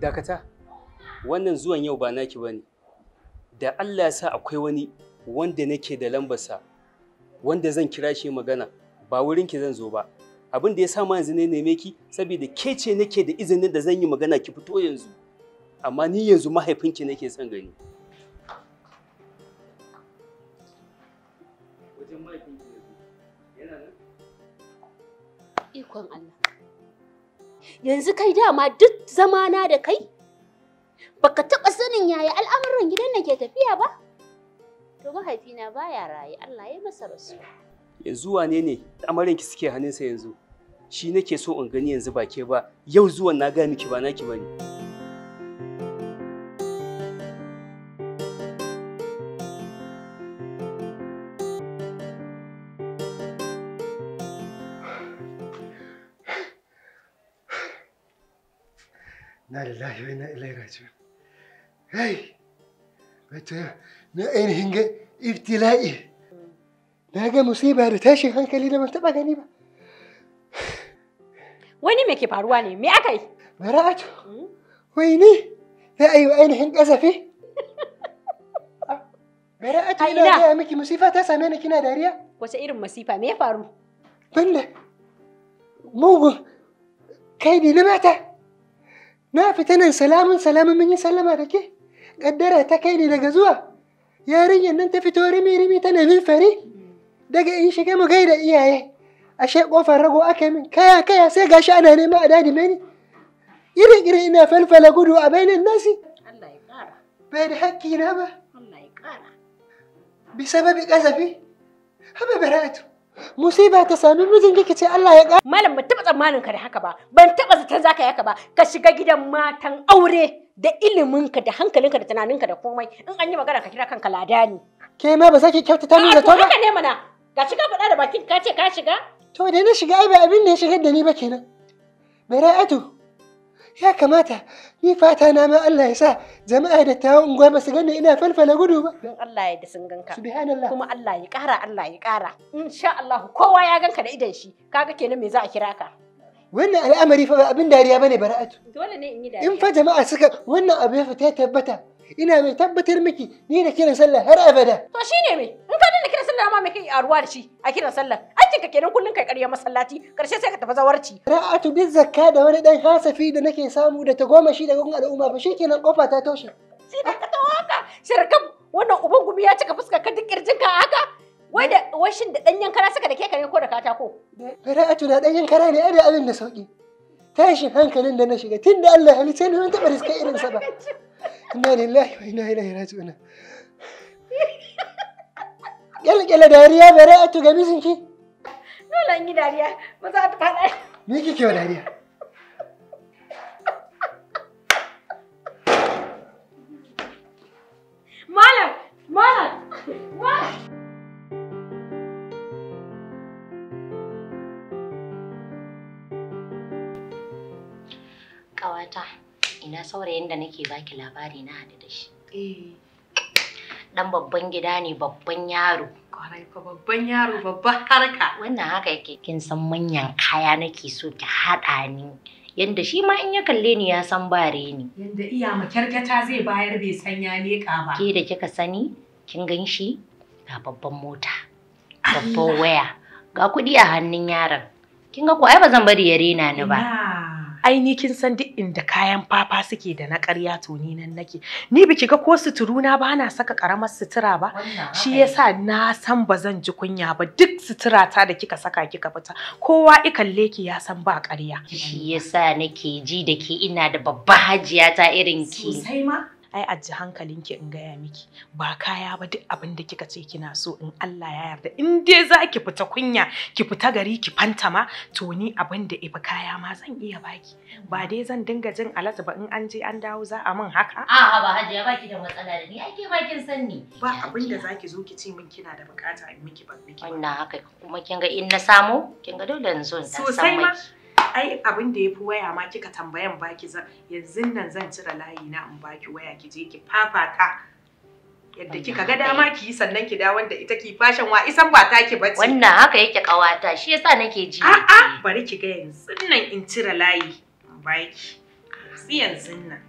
dakata wannan zuwan yau ba naki bane da Allah ya sa akwai wani wanda nake da lambarsa wanda zan kira shi magana ba wurin ki zan zo ba abin da ya sa ma yanzu ne neme ki saboda ke ce nake da izinin da zan yi magana ki fito yanzu amma ni yanzu mahaifinki nake son gani ikon Allah yanzu kai dama duk zamana da kai baka taɓa sanin yaya al'amuran gidan da ke tafiya ba to mahaifina baya raye Allah ya masa rasu. yanzu wane ne amaryanki suke hannunsa yanzu shi nake so in gani yanzu ba ke ba yau zuwan na ga miki ba naki bane الله وانا الي راجعون هاي متى نقين هنجا ابتلائي لاقى مصيبة رتاشي خانك لينا ما تبقى غنيبة ويني ميكي بارواني مي اكاي مرأته ويني لا ايو اين هنجا زفي مرأته لا لا ميكي مصيبة تاسا مينا كنا داريا وسائر مصيبة مي فارم بلا مو كيدي لمعته na fita nan salamin salamin mun yi sallama da ke kaddara ta kai ni daga zuwa yarinyar nan ta fito rimi rimi tana min fari daga in shiga mu gaida iyaye ashe kofar rago aka min kaya kaya sai gashi ana nema a dadi mani iri iri ina falfala gudu a bainin nasi Allah bai da hakki na ba Allah ya bi kasafi haba baratu musiba ta sami mijin kike ce Allah ya ga malam ban taba tsammanin ka da haka ba ban taba zata zaka yaka ba ka shiga gidan matan aure da iliminka da hankalinka da tunaninka da komai in an yi magana ka kira kanka lada ne. ke ma ba saki ta min zato ba haka ne mana ga shiga faɗa da bakin ka ce ka shiga to da na shiga ai ba abin da ya shigar da ni ba kenan bai ra'atu ya kamata ni fata na ma Allah ya sa jama'a da tawo unguwa ba su gane ina falfala gudu ba don Allah ya da sun ganka subhanallah kuma Allah ya kara Allah ya kara insha Allah kowa ya ganka da idan shi kaga kenan me za a kira ka wannan al'amari fa abin dariya bane bara'atu dole ne in yi dariya in fa jama'a suka wannan abu ya fita tabbata ina mai tabbatar miki ni da kiran sallah har abada to shine me in ka dinga kiran sallah ma me kai a ruwa da shi a kiran sallah aikin ka kenan kullun kai ƙarya masallaci karshe sai ka tafi zawarci ra'atu bi zakka da wani dan hasafi da nake samu da ta goma shi daga gun al'umma fa shikenan kofa ta toshe sai da ka tawaka haka shirkan wannan uban gumi ya cika fuska ka duk kirjinka haka wai da washin da danyen kara suka da ke kare ko da katako ra'atu da danyen kara ne ada abin da sauki tashin hankalin da na shiga tunda Allah Allah halice ni ban taɓa riska irin sa ba inna lillahi wa inna ilaihi raji'un kyalkyala dariya bare a tuga mijinki Allah yi dariya maza ta faɗa. Ni kike wa dariya? Malam, malam, malam. Ƙawata, ina saurayin da nake baki labari na hadu da shi. Eh. dan babban gida ne babban yaro kwarai babban yaro babban harka wannan haka yake kin san manyan kaya nake so ki haɗa ni yanda shi ma in ya kalle ni ya san ba ni. Yanda iya makyarkata zai bayar bai san ya leka ba. Ke da kika sani kin gan shi ga babban mota, babban waya, ga kuɗi a hannun yaron. Kin ga ko ai ba zan bari ya rena ni ba. Ai ni kin san duk inda kayan fafa suke da na ƙarya to ni nan nake ni biki ga ko suturu na ba na saka karamar sutura ba shi yasa na san ba zan ji kunya ba duk sutura ta da kika saka kika fita kowa i kalle ki ya san ba ƙarya shi yasa nake ji da ke ina da babba hajiya ta irin ki sosai ma ai aji hankalinki in gaya miki ba kaya ba duk abin da kika ce kina so in Allah ya yarda in dai za ki fita kunya ki fita gari ki fanta ma to ni abin da ifa kaya ma zan iya baki ba dai zan dinga jin alata ba in an je an dawo za a min haka a'a ba hajiya baki da matsala da ni ake ba kin san ni ba abin da zaki zo ki ce min kina da bukata in miki ban miki wannan haka kuma kin ga in na samu kin ga dole in zo in sosai ma ai abin da ya fi waya ma kika tambayan baki yanzu nan zan cire layi na in baki waya ki je ki fafata yadda kika ga dama ki yi sannan ki da wanda ita ki fashin wa isan ba ta ki bace wannan haka yake kawata shi yasa nake ji a'a bari ki ga yanzu nan in cire layi in baki yanzu nan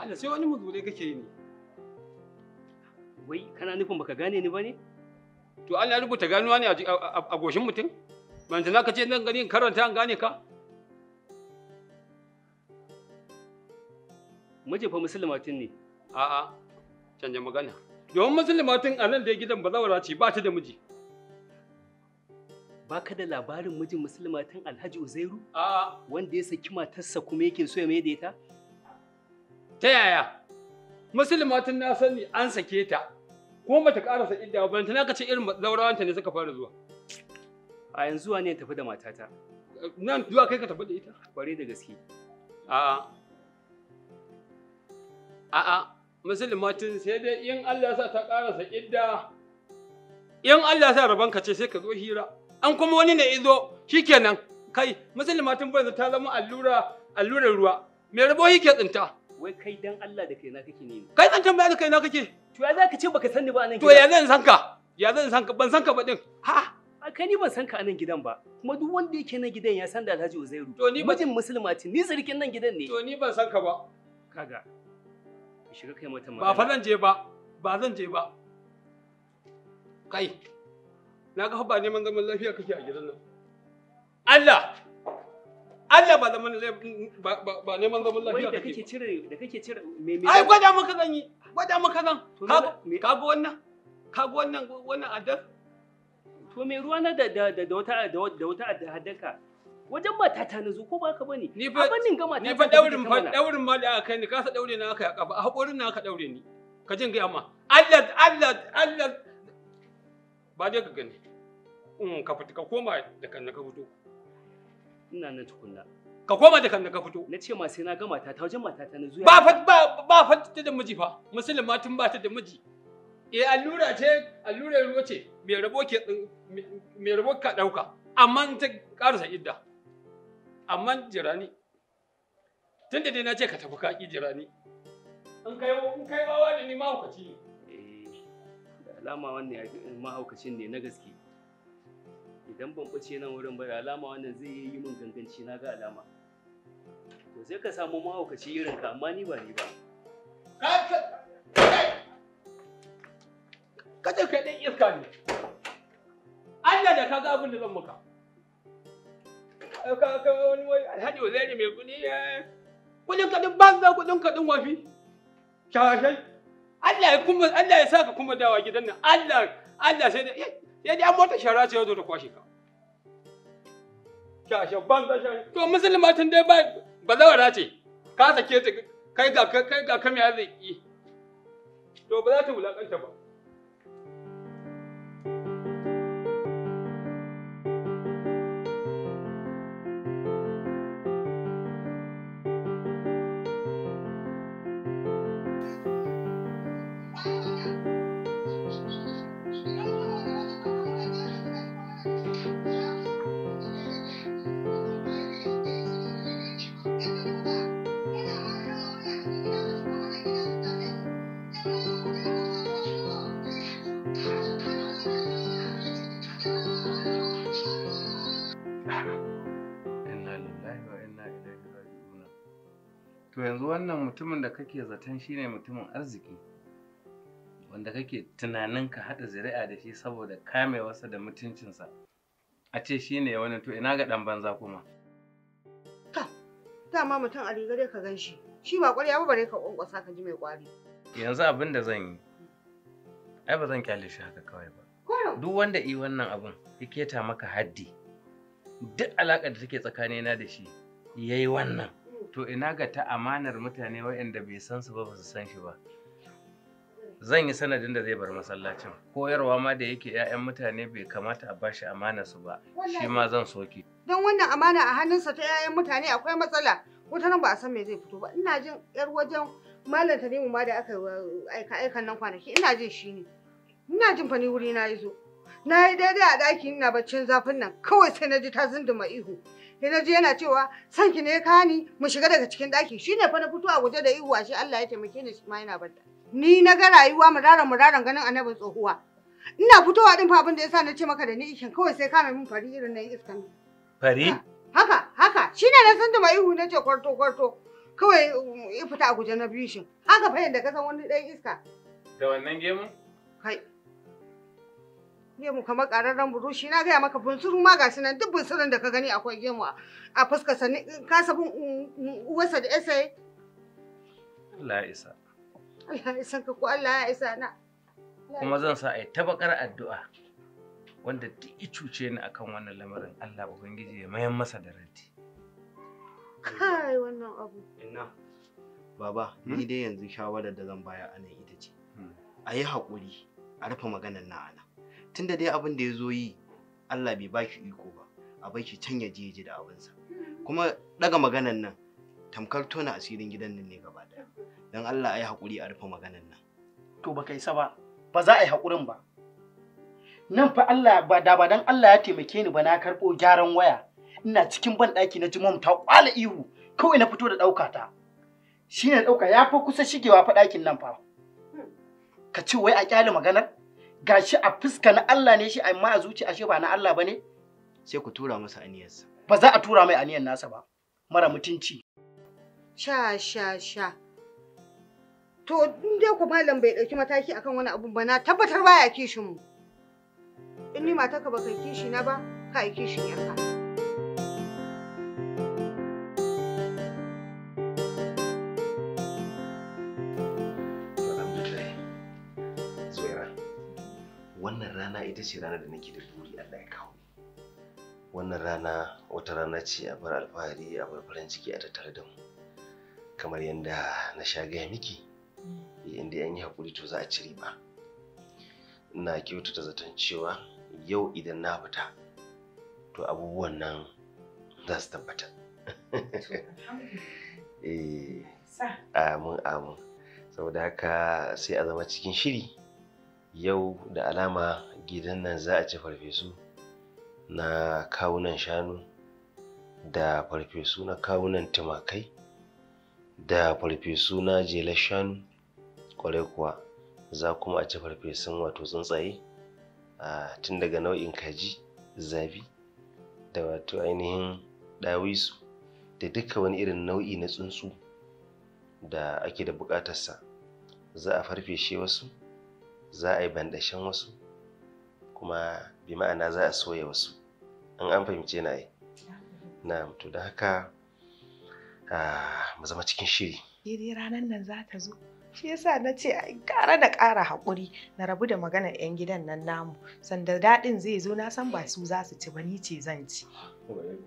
Allah sai wani muzurai kake yi ne. Wai kana nufin baka gane ni ba ne? To Allah ya rubuta ganuwa ne a goshin mutum? Ban na ka ce nan gani karanta an gane ka? Muje fa musulmatin ne. A'a, canja magana. Domin musulmatin a nan da gidan ba zawara ce ba ta da miji. baka da labarin mijin musulmatin Alhaji Uzairu? A'a. Wanda ya saki matarsa kuma yake so ya ita? Ta yaya? Musulmatin na sani an sake ta, ko bata karasa idda ba, ta ka ce irin zaurawanta ne suka fara zuwa. A yanzu ne tafi da matata. Nan zuwa kai ka tafi da ita? Kware da gaske. A'a. A'a. Musulmatin sai dai in Allah sa ta karasa idda, in Allah sa rabanka ce sai ka zo hira. An kuma wani ne izo, shikenan. Kai, musulmatin bai ta zama allura, allurar ruwa. Me rabo yake tsinta? Wai kai dan Allah da kaina kake ne. Kai dan tambaya da kaina kake. To ya zaka ce baka san ni ba nan gidan? To ya zan san ka? Ya zan san ka? Ban san ka ba din. Ha? kai ni ban san ka anan gidan ba kuma duk wanda yake nan gidan ya san da Alhaji Uzairu to ni mutum musulma ce ni sarkin nan gidan ne to ni ban san ka ba kaga ki shiga kai mata magana ba fa zan je ba ba zan je ba kai na ga ba neman zaman lafiya kake a gidan nan Allah Allah ba zaman ba neman zaman lafiya kake. kake cire da kake cire me me Ai gwada maka zan yi. Gwada maka zan. Ka ga wannan? Ka ga wannan wannan addar? To me ruwa na da da da wata da wata da haddaka. Wajen mata ta nazo ko baka bane? Ni fa bannin ga mata. Ni fa daurin fa daurin ma da kai ni ka sa daure na aka ya kafa. hakorin na aka daure ni. Ka jin ga amma. Allah Allah Allah ba dai ka gani. In ka fita ka koma da kan ka fito. ina nan tukunna ka koma da kan ka fito na ce ma sai na gama ta wajen mata ta na zuya. ba fa ba ba fa ta da miji fa ma tun ba ta da miji eh allura ce allura ruwa ce me rabo ke me rabo ka dauka amma ta karasa idda amma jirani tun da dai na ce ka tafi ka ki jirani in kai in kai bawa da ni mahaukaci ne eh da alama wannan mahaukacin ne na gaske idan ban ɓace nan wurin ba da alama wannan zai yi min ganganci na ga alama to sai ka samu mahaukaci irin ka amma ni ba ni ba kaje ka dan iska ne Allah da ga abin da zan maka ka ka wani wai alhaji wazari mai kudi eh, kudin kadin banza kudin din wafi shashai Allah ya kuma Allah ya saka kuma dawa gidan nan Allah Allah sai da eh, sai dai an mota shara ce ya zo ta kwashe ka ban da shashe to musulma tun dai ba ba wara ce ka sake ta kai ga kai ga zai yi to ba za ta wulakanta ba yanzu wannan mutumin da kake zaton shine mutumin arziki wanda kake tunanin ka haɗa zuri'a da shi saboda wasa da mutuncinsa a ce shi ne wani to ina ga ɗan banza kuma ka dama mutum a riga ka gan shi shi ba ƙwarya ba bare ka ƙwanƙwasa ka ji mai ƙwari yanzu abin da zan yi ai ba zan kyale shi haka kawai ba duk wanda yi wannan abin ya keta maka haddi duk alaƙar da take tsakanina da shi yayi wannan to ina ga ta amanar mutane waɗanda bai san su ba ba su san shi ba zan yi sanadin da zai bar masallacin koyarwa ma da yake 'ya'yan mutane bai kamata a bashi amana su ba shi ma zan soke don wannan amana a hannunsa ta 'ya'yan mutane akwai matsala wata ba a san me zai fito ba ina jin yar wajen malam Tanimu ma da aka uh, aika aikan nan kwanaki ina jin shi ne ina jin fani wuri na yi zo na yi daidai a ɗakin ina baccin zafin nan kawai sai na ji ta zunduma ihu sai na ji yana cewa sanki ki ne ka ni mu shiga daga cikin ɗaki shine fa na fito a waje da ihu shi Allah ya taimake ni shi ma yana barta ni na ga rayuwa muraran muraran ganin annabin tsohuwa ina fitowa din fa abin da yasa na ce maka da ni ikin kawai sai kame min fari irin nan iskan fari haka haka shine na san da mai ihu na ce kwarto kwarto kawai um, ya fita a guje na biyu shin haka fa yanda ka san wani ɗan iska da wannan gemu kai gemu kamar ƙararren burushi na gaya maka bunsuru ma ga nan duk bunsurun da ka gani akwai gemu a fuskar sa ka sabun uwarsa da esa Allah ya isa Allah ya isa ka ko Allah ya isa na kuma zan sa ai ta bakar addu'a wanda duk ya cuce ni akan wannan lamarin Allah ubangiji ya mayan masa da Ranti. kai wannan abu inna baba ni hmm? dai yanzu shawarar da zan baya nan ita ce hmm. a yi haƙuri a rufe maganar na ana. tunda dai abin da ya zo yi Allah bai baki iko ba a bai shi can ya je ya ji da abinsa kuma daga maganan nan tamkar tona asirin gidan nan ne gaba daya dan Allah ai hakuri a rufe maganan nan to baka isa ba ba za a yi hakurin ba nan fa Allah ba da ba dan Allah ya taimake ni ba na karbo gyaran waya ina cikin ban daki na jimom ta kwala ihu kawai na fito da ɗauka ta shine ɗauka ya fa kusa shigewa fa dakin nan fa ka ce wai a kyale maganar gashi a fuska na Allah ne shi amma a zuci ashe ba na Allah bane sai ku tura masa aniyarsa ba za a tura mai aniyar nasa ba mara mutunci sha sha sha to in dai ku malam bai ɗauki mataki akan wani abun ba na tabbatar baya kishin mu in ni matarka baka kishi na ba ka kishin yanka. ita ce ranar da nake da buri Allah ya kawo wannan rana wata rana ce a bar alfahari a bar farin ciki a tattare da mu kamar yadda na sha gaya miki mm. inda an yi hakuri to za a ci riba ina kyautata zaton cewa yau idan na fita to abubuwan nan za su tabbata eh. amin amin saboda haka sai a zama cikin shiri yau da alama gidan nan za a ci farfesu na kawunan shanu da farfesu na kawunan tumakai da farfesu na jelar shanu kwarai kuwa za kuma a ci farfesun wato tsuntsaye tun daga nau'in kaji zabi da wato ainihin ɗawisu da duka wani irin nau'i na tsuntsu da ake da buƙatarsa za a farfeshe wasu za a yi bandashen wasu kuma bi ma'ana za a soya wasu an an fahimce na yi na mutu da haka mu zama cikin shiri daidai ranar nan za ta zo shi yasa na ce ƙara da kara haƙuri na rabu da maganar 'yan gidan nan namu sanda daɗin zai zo na san ba su za su ci ba ni ce zan ci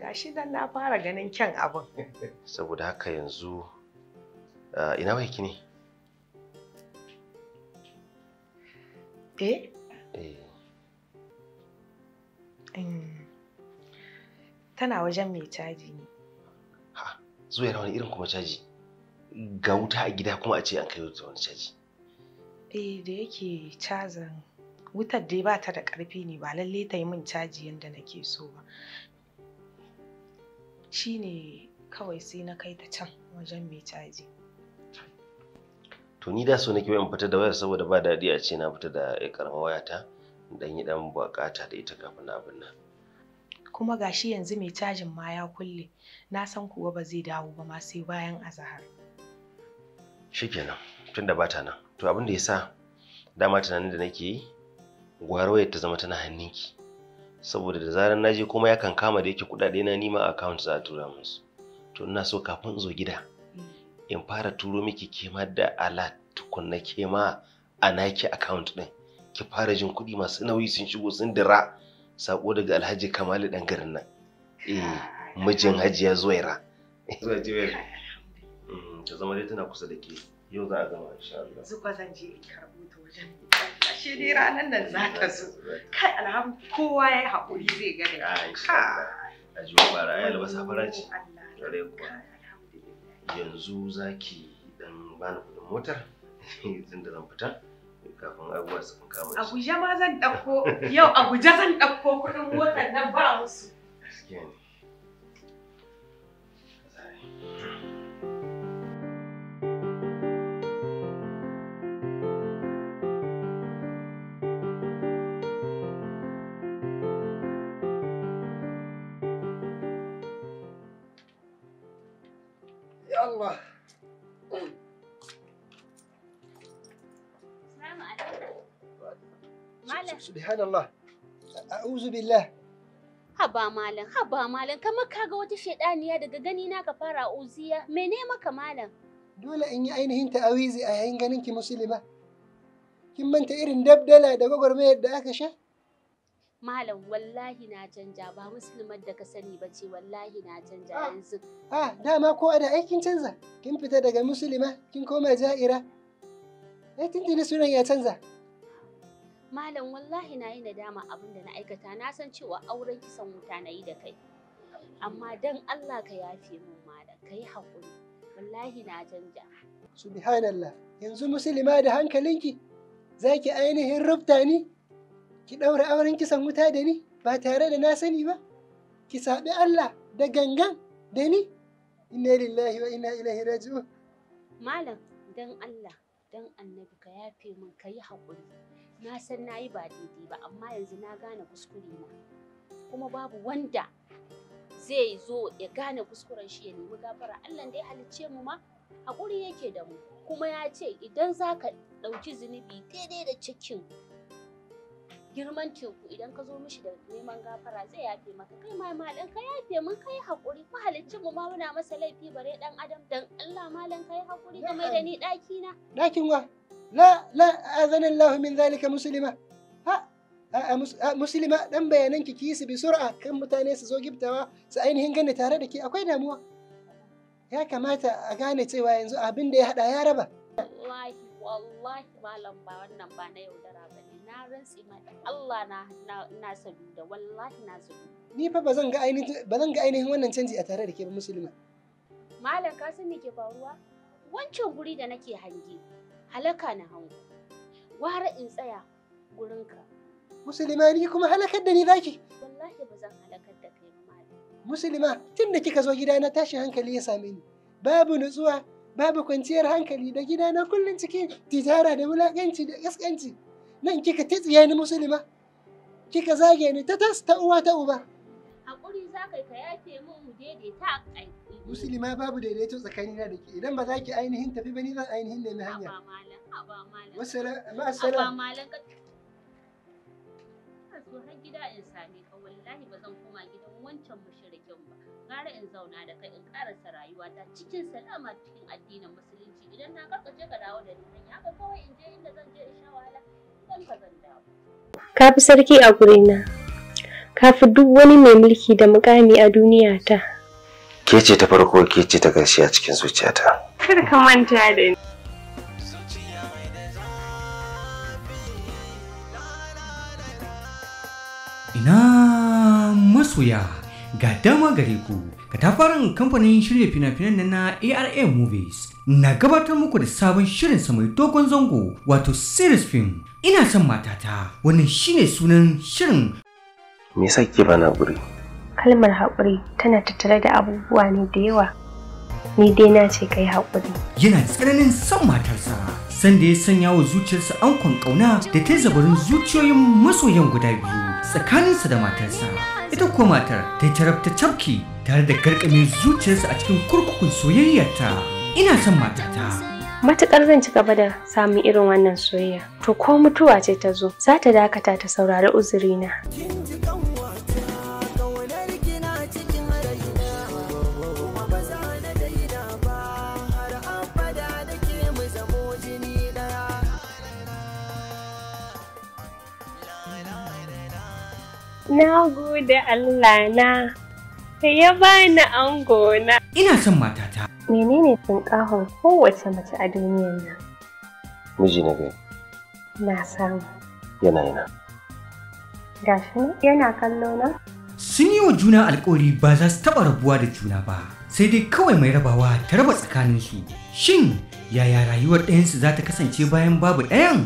gashi nan na fara ganin kyan abin saboda haka yanzu ina wai ne eh eh Tana wajen mai caji ne. Ha, zuwa yana wani irin kuma caji. Ga wuta a gida kuma a ce an kai wuta wani caji. Eh, da yake cazan wutar dai ba ta da ƙarfi ne ba lalle ta yi min caji yadda nake so ba. Shi ne kawai sai na kai ta can wajen mai caji. To ni da so nake in fita da wayar saboda ba daɗi a ce na fita da ƙaramar wayata. dan yi dan bukata da ita kafin abin nan kuma gashi yanzu mai cajin ma ya kulle na san kuwa ba zai dawo ba ma sai bayan azahar shikenan tunda bata nan to abin da yasa dama tunanin da nake yi gwar ta zama tana hannunki saboda da zarar na je kuma yakan kama da yake kuɗaɗe na nima account za a tura musu to ina so kafin in zo gida in fara turo miki kema da alat tukunna kema a naki account din ki fara jin kuɗi masu nauyi sun shigo sun dira sako daga alhaji kamalu dan garin nan eh mijin hajiya zuwaira zuwa jiwel mm, ta zama dai tana kusa da ke yau za a gama insha Allah zuwa zan je in karbo ta wajen shi dai ranan nan za ta zo kai alham kowa ya haƙuri zai gane ka ah, a ji bara ayi labasa faraci tare kuwa yanzu zaki dan bani kuɗin motar tun da zan fita kafin abubuwa su kan kama Abuja ma zan ɗauko yau Abuja zan ɗauko kuɗin motar na ba musu. Gaskiya ne. subhanallah a'udhu billah haba malam haba malam kamar kaga wata shedaniya daga gani na ka fara uziya mene maka malam dole in yi ainihin ta'awizi a yayin ganin ki musulma kin manta irin dabdala da gwagwarmayar da aka sha malam wallahi na canja ba musulmar da ka sani ba ce wallahi na canja ah, yanzu ah dama ko da aikin canza kin fita daga musulma kin koma ja'ira ai tuntuni sunan ya canza Malam wallahi na yi nadama abin da na aikata na san cewa auren kisan wuta na yi da kai. Amma dan Allah ka yafe min malam ka yi haƙuri wallahi na canja. Subhanallah yanzu musulma da hankalinki za ki ainihin rubta ni ki ɗaura auren kisan wuta da ni ba tare da na sani ba ki saɓi Allah da gangan da ni inna lillahi wa inna ilaihi raji'un. Malam dan Allah dan annabi ka yafe min ka yi haƙuri. na san na yi ba daidai ba amma yanzu na gane kuskure na kuma babu wanda zai zo ya gane kuskuren shi ya nemi gafara Allah da ya halicce mu ma hakuri yake da mu kuma ya ce idan za ka ɗauki zunubi daidai da cikin girman teku idan ka zo mishi da neman gafara zai yafe maka kai ma malam ka yafe mun kai hakuri mahaliccin mu ma muna masa laifi bare dan adam dan Allah malam kai hakuri ka mai da ni daki na dakin wa لا لا azana الله من ذلك muslima ها muslima dan bayanan كيس kisi bi sur'a kan mutane su zo giftawa su ainihin gane tare da ke akwai damuwa ya kamata a gane cewa yanzu abin da ya hada ya raba ba wannan ba na yaudara ba ne na rantsi ma Allah na na sadu da wallahi na sadu ni fa bazan ga ainihin bazan ga ainihin wannan canji a tare da ke ba musulma malam ka san ke faruwa wancan guri da nake hange halaka na hango gwara in tsaya gurinka musulma ni kuma halakar da ni zaki wallahi ba zan halakar da kai musulma tun da kika zo gidana tashin hankali ya same ni babu nutsuwa babu kwanciyar hankali da gidana kullum cikin tijara da wulaƙanci da ƙasƙanci nan kika titsiye ni musulma kika zage ni ta tas ta uwa ta uba hakuri za ka yafe mun mu daidaita a musulma babu daidaito tsakanin na da ke idan ba za ki ainihin tafi ba ni zan ainihin nemi hanya gida in same ka wallahi koma gidan in zauna da kai na hanya ka fi sarki a gurina ka fi duk wani mai mulki da mukami a duniya ta ke ce ta farko ke ce ta ƙarshe a cikin zuciyata kar ka manta da ni ina masoya ga dama gare ku ka tafarin kamfanin shirya fina-finan na ARA Movies na gabatar muku da sabon shirin sa mai dogon zango wato series film ina son matata wannan shine sunan shirin me yasa ke bana guri kalmar haƙuri tana tattare da abubuwa ne da yawa ni dai na ce kai haƙuri yana tsananin son matarsa sanda ya sanya wa zuciyarsa ankon ƙauna da ta zabarin zuciyoyin masoyan guda biyu tsakaninsa da matarsa ita kuwa matar ta tarabta cafki tare da karkame zuciyarsa a cikin kurkukun soyayyarta ina son matata matuƙar zan ci gaba da samun irin wannan soyayya to ko mutuwa ce ta zo za ta dakata ta saurari uzurina. Na gode Allah na, ka ya bani ango na. Ina son matata. Menene tunƙahon kowace mace a duniyar nan? Miji na gari. Na samu. Yana yana. Gashi yana kallo na? Sun yi wa juna alkawari ba za su taɓa rabuwa da juna ba, sai dai kawai mai rabawa ta raba tsakaninsu. Shin yaya rayuwar ɗayansu za ta kasance bayan babu ɗayan?